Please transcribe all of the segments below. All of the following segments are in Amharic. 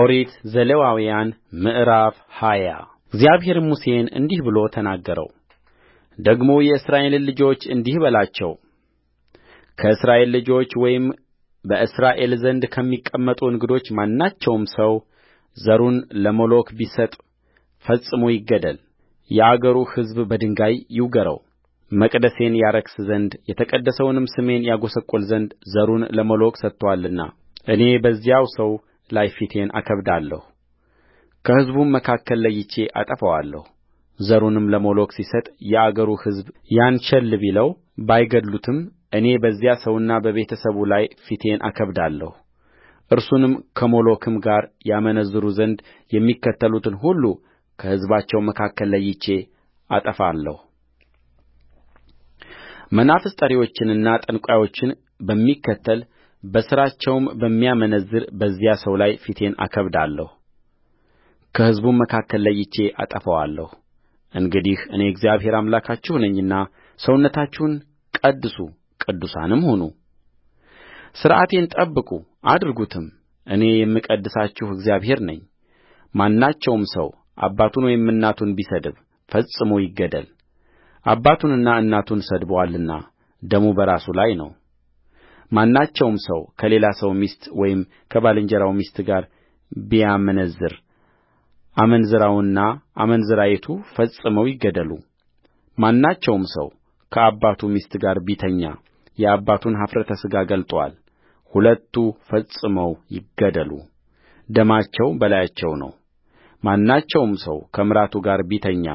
ኦሪት ዘሌዋውያን ምዕራፍ ሃያ እግዚአብሔርም ሙሴን እንዲህ ብሎ ተናገረው። ደግሞ የእስራኤልን ልጆች እንዲህ በላቸው፣ ከእስራኤል ልጆች ወይም በእስራኤል ዘንድ ከሚቀመጡ እንግዶች ማናቸውም ሰው ዘሩን ለሞሎክ ቢሰጥ ፈጽሞ ይገደል፣ የአገሩ ሕዝብ በድንጋይ ይውገረው። መቅደሴን ያረክስ ዘንድ የተቀደሰውንም ስሜን ያጐሰቍል ዘንድ ዘሩን ለሞሎክ ሰጥቶአልና እኔ በዚያው ሰው ላይ ፊቴን አከብዳለሁ ከሕዝቡም መካከል ለይቼ አጠፋዋለሁ ዘሩንም ለሞሎክ ሲሰጥ የአገሩ ሕዝብ ያን ቸል ቢለው ባይገድሉትም እኔ በዚያ ሰውና በቤተሰቡ ላይ ፊቴን አከብዳለሁ እርሱንም ከሞሎክም ጋር ያመነዝሩ ዘንድ የሚከተሉትን ሁሉ ከሕዝባቸው መካከል ለይቼ አጠፋለሁ። መናፍስት ጠሪዎችንና ጠንቋዮችን በሚከተል በሥራቸውም በሚያመነዝር በዚያ ሰው ላይ ፊቴን አከብዳለሁ፣ ከሕዝቡም መካከል ለይቼ አጠፋዋለሁ። እንግዲህ እኔ እግዚአብሔር አምላካችሁ ነኝና ሰውነታችሁን ቀድሱ ቅዱሳንም ሁኑ። ሥርዓቴን ጠብቁ አድርጉትም፣ እኔ የምቀድሳችሁ እግዚአብሔር ነኝ። ማናቸውም ሰው አባቱን ወይም እናቱን ቢሰድብ ፈጽሞ ይገደል፤ አባቱንና እናቱን ሰድቦአልና ደሙ በራሱ ላይ ነው። ማናቸውም ሰው ከሌላ ሰው ሚስት ወይም ከባልንጀራው ሚስት ጋር ቢያመነዝር አመንዝራውና አመንዝራይቱ ፈጽመው ይገደሉ ማናቸውም ሰው ከአባቱ ሚስት ጋር ቢተኛ የአባቱን ኃፍረተ ሥጋ ገልጦአል ሁለቱ ፈጽመው ይገደሉ ደማቸው በላያቸው ነው ማናቸውም ሰው ከምራቱ ጋር ቢተኛ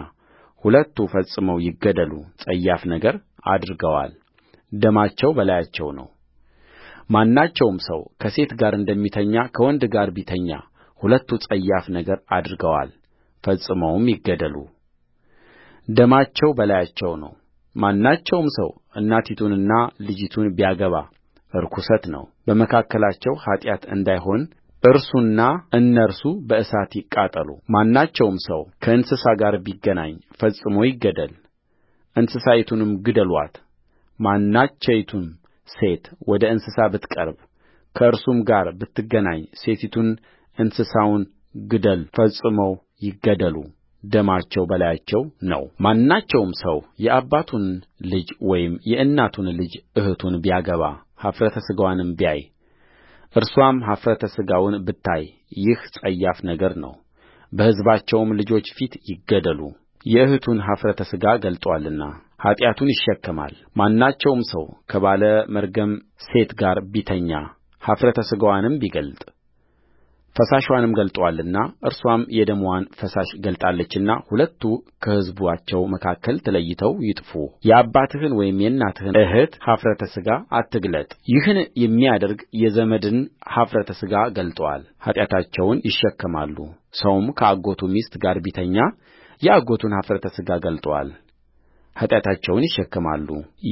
ሁለቱ ፈጽመው ይገደሉ ጸያፍ ነገር አድርገዋል ደማቸው በላያቸው ነው ማናቸውም ሰው ከሴት ጋር እንደሚተኛ ከወንድ ጋር ቢተኛ ሁለቱ ጸያፍ ነገር አድርገዋል ፈጽመውም ይገደሉ ደማቸው በላያቸው ነው ማናቸውም ሰው እናቲቱንና ልጂቱን ቢያገባ ርኵሰት ነው በመካከላቸው ኃጢአት እንዳይሆን እርሱና እነርሱ በእሳት ይቃጠሉማናቸውም ሰው ከእንስሳ ጋር ቢገናኝ ፈጽሞ ይገደል እንስሳይቱንም ግደሉአት ማናቸይቱም ሴት ወደ እንስሳ ብትቀርብ ከእርሱም ጋር ብትገናኝ ሴቲቱን እንስሳውን ግደል ፈጽመው ይገደሉ ደማቸው በላያቸው ነው። ማናቸውም ሰው የአባቱን ልጅ ወይም የእናቱን ልጅ እኅቱን ቢያገባ ኃፍረተ ሥጋዋንም ቢያይ እርስዋም ኃፍረተ ሥጋውን ብታይ ይህ ጸያፍ ነገር ነው፣ በሕዝባቸውም ልጆች ፊት ይገደሉ የእህቱን ኃፍረተ ሥጋ ገልጦአልና ኃጢአቱን ማናቸውም ሰው ከባለ መርገም ሴት ጋር ቢተኛ ኃፍረተ ሥጋዋንም ቢገልጥ ፈሳሽዋን ገልጦአልና እርስዋም የደምዋን ፈሳሽ ገልጣለችና ሁለቱ ከሕዝባቸው መካከል ተለይተው ይጥፉየአባትህን ወይም የእናትህን እኅት ኃፍረተ ሥጋ ይህን የሚያደርግ የዘመድን ኃፍረተ ሥጋ ገልጦአል ኃጢአታቸውን ሰውም ከአጎቱ ሚስት ጋር ቢተኛ የአጎቱን ኃፍረተ ሥጋ ገልጦአል ኃጢአታቸውን ይሸከማሉ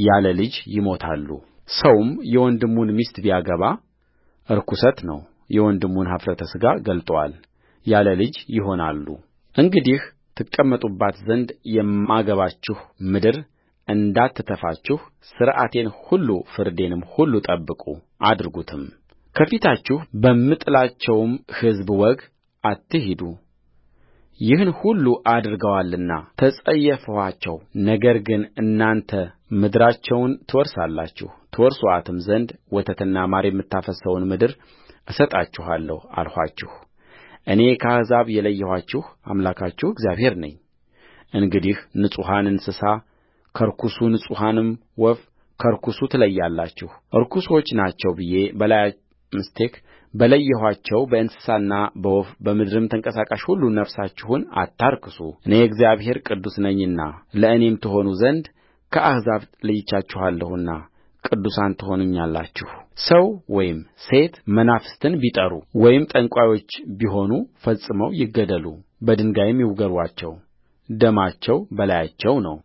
ያለ ልጅ ይሞታሉሰውም የወንድሙን ሚስት ቢያገባ ርኵሰት ነው የወንድሙን ኃፍረተ ሥጋ ገልጦአል ያለ ልጅ ይሆናሉእንግዲህ ትቀመጡባት ዘንድ የማገባችሁ ምድር እንዳትተፋችሁ ሥርዓቴን ሁሉ ፍርዴንም ሁሉ ጠብቁ አድርጉትምከፊታችሁ በምጥላቸውም ሕዝብ ወግ አትሂዱ ይህን ሁሉ አድርገዋልና ነገር ግን እናንተ ምድራቸውን ትወርሳላችሁ ትወርሱአትም ዘንድ ወተትና ማር የምታፈስሰውን ምድር እሰጣችኋለሁ አልኋችሁ። እኔ ከአሕዛብ የለየኋችሁ አምላካችሁ እግዚአብሔር ነኝእንግዲህ ንጹሑን እንስሳ ከርኩሱ ንጹሑንም ወፍ ከርኩሱ ትለያላችሁ ርኩሶች ናቸው ብዬ በለየኋቸው በእንስሳና በወፍ በምድርም ተንቀሳቃሽ ሁሉ ነፍሳችሁን አታርክሱ እኔ እግዚአብሔር ቅዱስ ነኝና ለእኔም ትሆኑ ዘንድ ከአሕዛብ ለይቻችኋለሁና ቅዱሳን ትሆኑልኛላችሁሰው ወይም ሴት መናፍስትን ቢጠሩ ወይም ጠንቋዮች ቢሆኑ ፈጽመው ይገደሉ በድንጋይም ይውገሩአቸው ደማቸው በላያቸው ነው